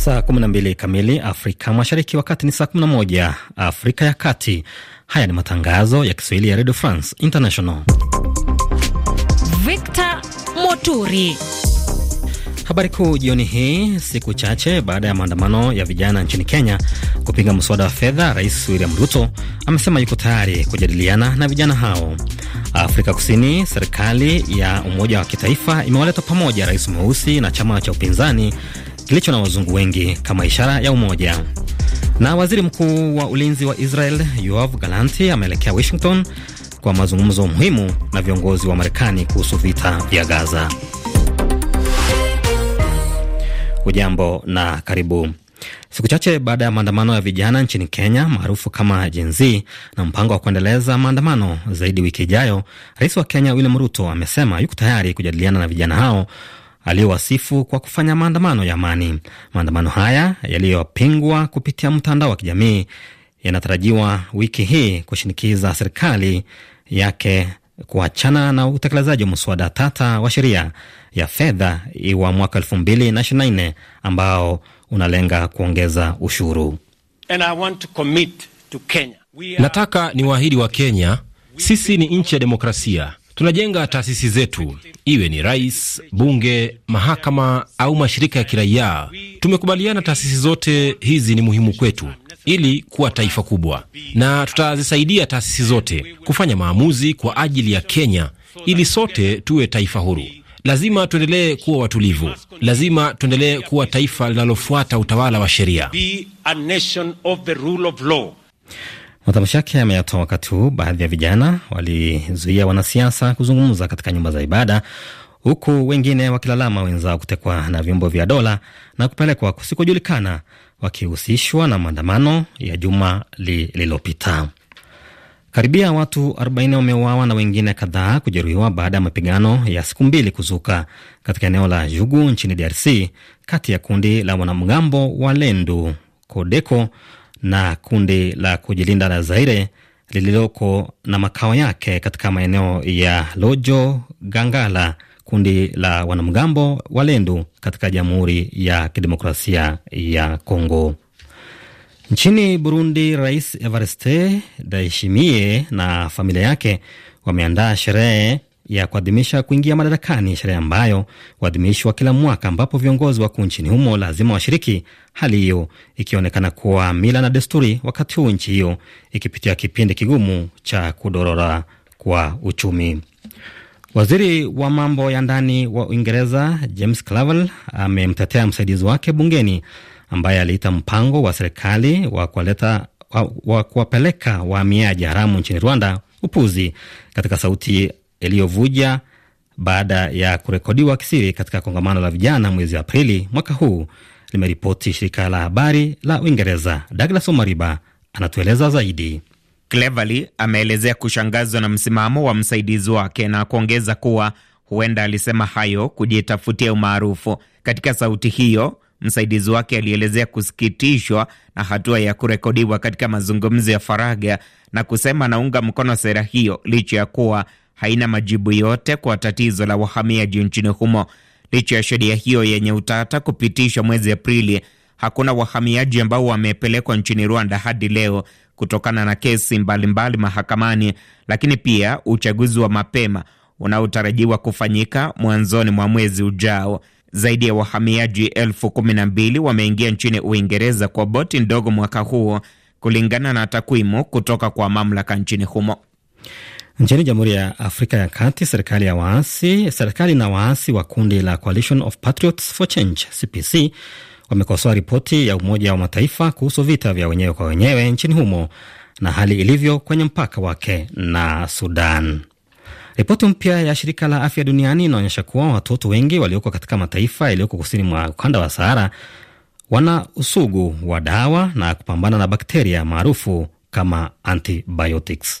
Saa 12 kamili Afrika Mashariki, wakati ni saa 11 Afrika ya Kati. Haya ni matangazo ya Kiswahili ya Radio France International. Victor Moturi. Habari kuu jioni hii. Siku chache baada ya maandamano ya vijana nchini Kenya kupinga mswada wa fedha, Rais William Ruto amesema yuko tayari kujadiliana na vijana hao. Afrika Kusini, serikali ya umoja wa kitaifa imewaleta pamoja rais mweusi na chama cha upinzani kilicho na wazungu wengi kama ishara ya umoja. Na waziri mkuu wa ulinzi wa Israel Yoav Galanti ameelekea Washington kwa mazungumzo muhimu na viongozi wa Marekani kuhusu vita vya Gaza. Ujambo na karibu. Siku chache baada ya maandamano ya vijana nchini Kenya maarufu kama Gen Z na mpango wa kuendeleza maandamano zaidi wiki ijayo, rais wa Kenya William Ruto amesema yuko tayari kujadiliana na vijana hao aliyowasifu kwa kufanya maandamano ya amani. Maandamano haya yaliyopingwa kupitia mtandao wa kijamii yanatarajiwa wiki hii kushinikiza serikali yake kuachana na utekelezaji wa mswada tata wa sheria ya fedha wa mwaka elfu mbili na ishirini na nne ambao unalenga kuongeza ushuru. And I want to commit to Kenya. nataka niwaahidi wa Kenya, sisi ni nchi ya demokrasia Tunajenga taasisi zetu, iwe ni rais, bunge, mahakama au mashirika ya kiraia. Tumekubaliana taasisi zote hizi ni muhimu kwetu ili kuwa taifa kubwa, na tutazisaidia taasisi zote kufanya maamuzi kwa ajili ya Kenya ili sote tuwe taifa huru. Lazima tuendelee kuwa watulivu, lazima tuendelee kuwa taifa linalofuata utawala wa sheria. Matamshi yake ameyatoa wakati huu baadhi ya vijana walizuia wanasiasa kuzungumza katika nyumba za ibada, huku wengine wakilalama wenzao kutekwa na vyombo vya dola na kupelekwa kusikojulikana, wakihusishwa na maandamano ya juma lililopita. Karibia watu 40 wameuawa na wengine kadhaa kujeruhiwa baada ya mapigano ya siku mbili kuzuka katika eneo la Jugu nchini DRC kati ya kundi la wanamgambo wa Lendu Kodeko na kundi la kujilinda la Zaire lililoko na makao yake katika maeneo ya Lojo Gangala, kundi la wanamgambo Walendu katika Jamhuri ya Kidemokrasia ya Kongo. Nchini Burundi, Rais Evariste Ndayishimiye na familia yake wameandaa sherehe ya kuadhimisha kuingia madarakani, sherehe ambayo huadhimishwa kila mwaka, ambapo viongozi wakuu nchini humo lazima washiriki, hali hiyo ikionekana kuwa mila na desturi, wakati huu nchi hiyo ikipitia kipindi kigumu cha kudorora kwa uchumi. Waziri wa mambo ya ndani wa Uingereza James Clavel amemtetea msaidizi wake bungeni ambaye aliita mpango wa serikali wa kuwaleta wa kuwapeleka wahamiaji haramu nchini Rwanda upuzi. Katika sauti yaliyovuja baada ya kurekodiwa kisiri katika kongamano la vijana mwezi Aprili mwaka huu, limeripoti shirika la habari la Uingereza. Douglas Omariba anatueleza zaidi. Cleverly ameelezea kushangazwa na msimamo wa msaidizi wake na kuongeza kuwa huenda alisema hayo kujitafutia umaarufu. Katika sauti hiyo, msaidizi wake alielezea kusikitishwa na hatua ya kurekodiwa katika mazungumzo ya faragha na kusema anaunga mkono sera hiyo licha ya kuwa haina majibu yote kwa tatizo la wahamiaji nchini humo. Licha ya sheria hiyo yenye utata kupitishwa mwezi Aprili, hakuna wahamiaji ambao wamepelekwa nchini Rwanda hadi leo kutokana na kesi mbalimbali mbali mahakamani, lakini pia uchaguzi wa mapema unaotarajiwa kufanyika mwanzoni mwa mwezi ujao. Zaidi ya wahamiaji elfu kumi na mbili wameingia nchini Uingereza kwa boti ndogo mwaka huo kulingana na takwimu kutoka kwa mamlaka nchini humo. Nchini Jamhuri ya Afrika ya Kati, serikali ya waasi serikali na waasi wa kundi la Coalition of Patriots for Change CPC wamekosoa ripoti ya Umoja wa Mataifa kuhusu vita vya wenyewe kwa wenyewe nchini humo na hali ilivyo kwenye mpaka wake na Sudan. Ripoti mpya ya shirika la afya duniani inaonyesha kuwa watoto wengi walioko katika mataifa yaliyoko kusini mwa ukanda wa Sahara wana usugu wa dawa na kupambana na bakteria maarufu kama antibiotics.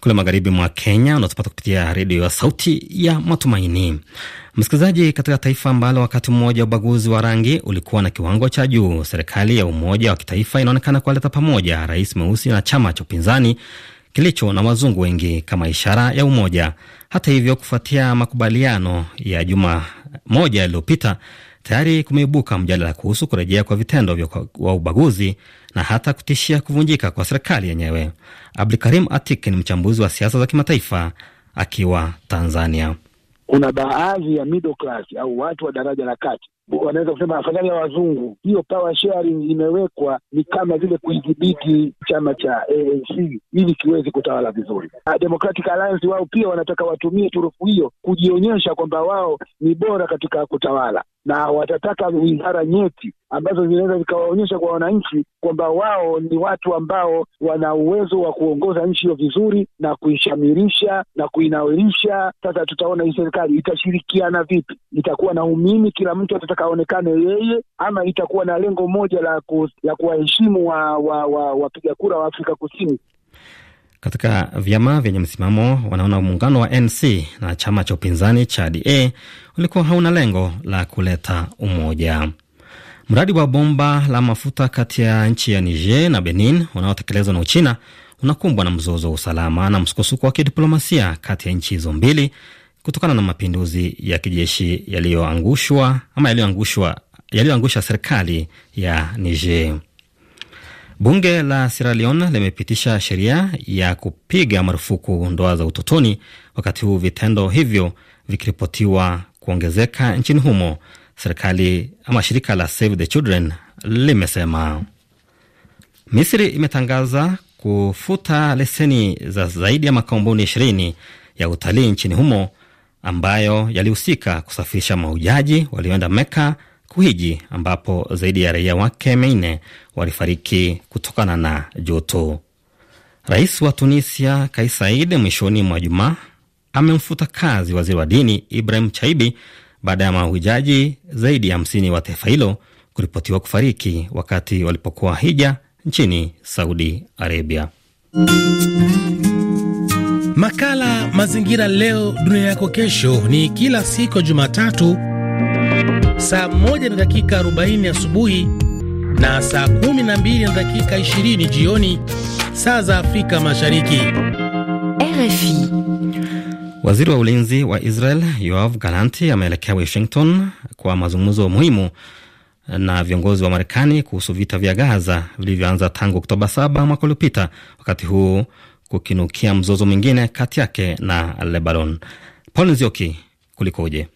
kule magharibi mwa Kenya unatupata kupitia redio ya Sauti ya Matumaini. Msikilizaji, katika taifa ambalo wakati mmoja ubaguzi wa rangi ulikuwa na kiwango cha juu, serikali ya umoja wa kitaifa inaonekana kuwaleta pamoja rais mweusi na chama cha upinzani kilicho na wazungu wengi kama ishara ya umoja. Hata hivyo, kufuatia makubaliano ya juma moja yaliyopita tayari kumeibuka mjadala kuhusu kurejea kwa vitendo vya ubaguzi na hata kutishia kuvunjika kwa serikali yenyewe. Abdulkarim Atik ni mchambuzi wa siasa za kimataifa akiwa Tanzania. Kuna baadhi ya middle class au watu wa daraja la kati wanaweza kusema afadhali ya wazungu. Hiyo power sharing imewekwa ni kama vile kuidhibiti chama cha ANC ili kiweze kutawala vizuri. Ah, Democratic Alliance wao pia wanataka watumie turufu hiyo kujionyesha kwamba wao ni bora katika kutawala, na watataka wizara nyeti ambazo zinaweza zikawaonyesha kwa wananchi kwamba wao ni watu ambao wana uwezo wa kuongoza nchi hiyo vizuri na kuishamirisha na kuinawirisha. Sasa tutaona hii serikali itashirikiana vipi, itakuwa na umimi, kila mtu atataka anataka yeye, ama itakuwa na lengo moja la, ku, la kuwaheshimu wapiga wa, wa kura wa Afrika Kusini? Katika vyama vyenye msimamo wanaona muungano wa NC na chama cha upinzani cha DA ulikuwa hauna lengo la kuleta umoja. Mradi wa bomba la mafuta kati ya nchi ya Niger na Benin unaotekelezwa na Uchina unakumbwa na mzozo wa usalama na msukosuko wa kidiplomasia kati ya nchi hizo mbili kutokana na mapinduzi ya kijeshi yaliyoangushwa ama yaliyoangushwa yaliyoangusha serikali ya Niger. Bunge la Sierra Leone limepitisha sheria ya kupiga marufuku ndoa za utotoni, wakati huu vitendo hivyo vikiripotiwa kuongezeka nchini humo. Serikali ama shirika la Save the Children limesema. Misri imetangaza kufuta leseni za zaidi ya makampuni ishirini ya utalii nchini humo ambayo yalihusika kusafirisha mahujaji walioenda Meka kuhiji, ambapo zaidi ya raia wake mia walifariki kutokana na joto. Rais wa Tunisia Kais Saied mwishoni mwa Jumaa amemfuta kazi waziri wa dini Ibrahim Chaibi baada ya mahujaji zaidi ya hamsini wa taifa hilo kuripotiwa kufariki wakati walipokuwa hija nchini Saudi Arabia. Makala Mazingira Leo Dunia Yako Kesho ni kila siku ya Jumatatu saa 1 na dakika 40 asubuhi na saa 12 na dakika 20 jioni saa za Afrika Mashariki. RFI. Waziri wa ulinzi wa Israel Yoav Galanti ameelekea Washington kwa mazungumzo muhimu na viongozi wa Marekani kuhusu vita vya Gaza vilivyoanza tangu Oktoba 7 mwaka uliopita, wakati huu kukinukia mzozo mwingine kati yake na Lebanon. Paul Nzioki, kulikoje?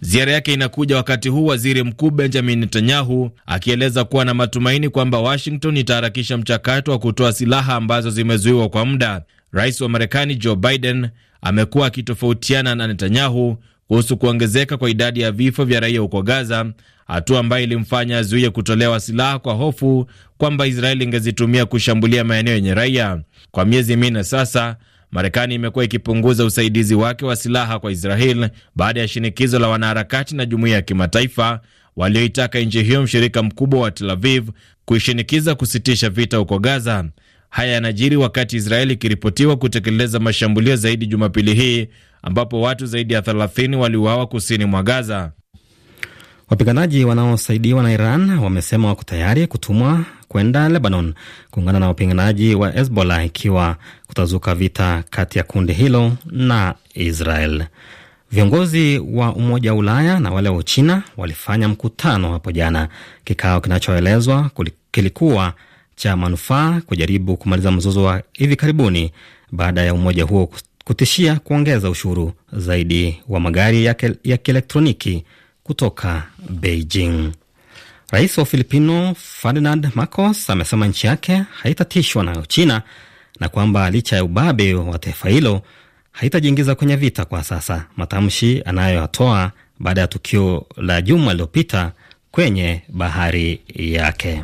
Ziara yake inakuja wakati huu waziri mkuu Benjamin Netanyahu akieleza kuwa na matumaini kwamba Washington itaharakisha mchakato wa kutoa silaha ambazo zimezuiwa kwa muda. Rais wa Marekani Joe Biden amekuwa akitofautiana na Netanyahu kuhusu kuongezeka kwa idadi ya vifo vya raia huko Gaza, hatua ambayo ilimfanya azuie kutolewa silaha kwa hofu kwamba Israeli ingezitumia kushambulia maeneo yenye raia. Kwa miezi minne sasa, Marekani imekuwa ikipunguza usaidizi wake wa silaha kwa Israel baada ya shinikizo la wanaharakati na jumuiya ya kimataifa walioitaka nchi hiyo, mshirika mkubwa wa Tel Aviv, kuishinikiza kusitisha vita huko Gaza. Haya yanajiri wakati Israeli ikiripotiwa kutekeleza mashambulio zaidi Jumapili hii ambapo watu zaidi ya 30 waliuawa kusini mwa Gaza. Wapiganaji wanaosaidiwa na Iran wamesema wako tayari kutumwa kwenda Lebanon kuungana na wapiganaji wa Hezbollah ikiwa kutazuka vita kati ya kundi hilo na Israel. Viongozi wa Umoja wa Ulaya na wale wa Uchina walifanya mkutano hapo jana, kikao kinachoelezwa kilikuwa cha manufaa kujaribu kumaliza mzozo wa hivi karibuni baada ya umoja huo kutishia kuongeza ushuru zaidi wa magari ya kielektroniki kutoka Beijing. Rais wa Filipino Ferdinand Marcos amesema nchi yake haitatishwa na China na kwamba licha ya ubabe wa taifa hilo haitajiingiza kwenye vita kwa sasa, matamshi anayoyatoa baada ya tukio la juma lililopita kwenye bahari yake.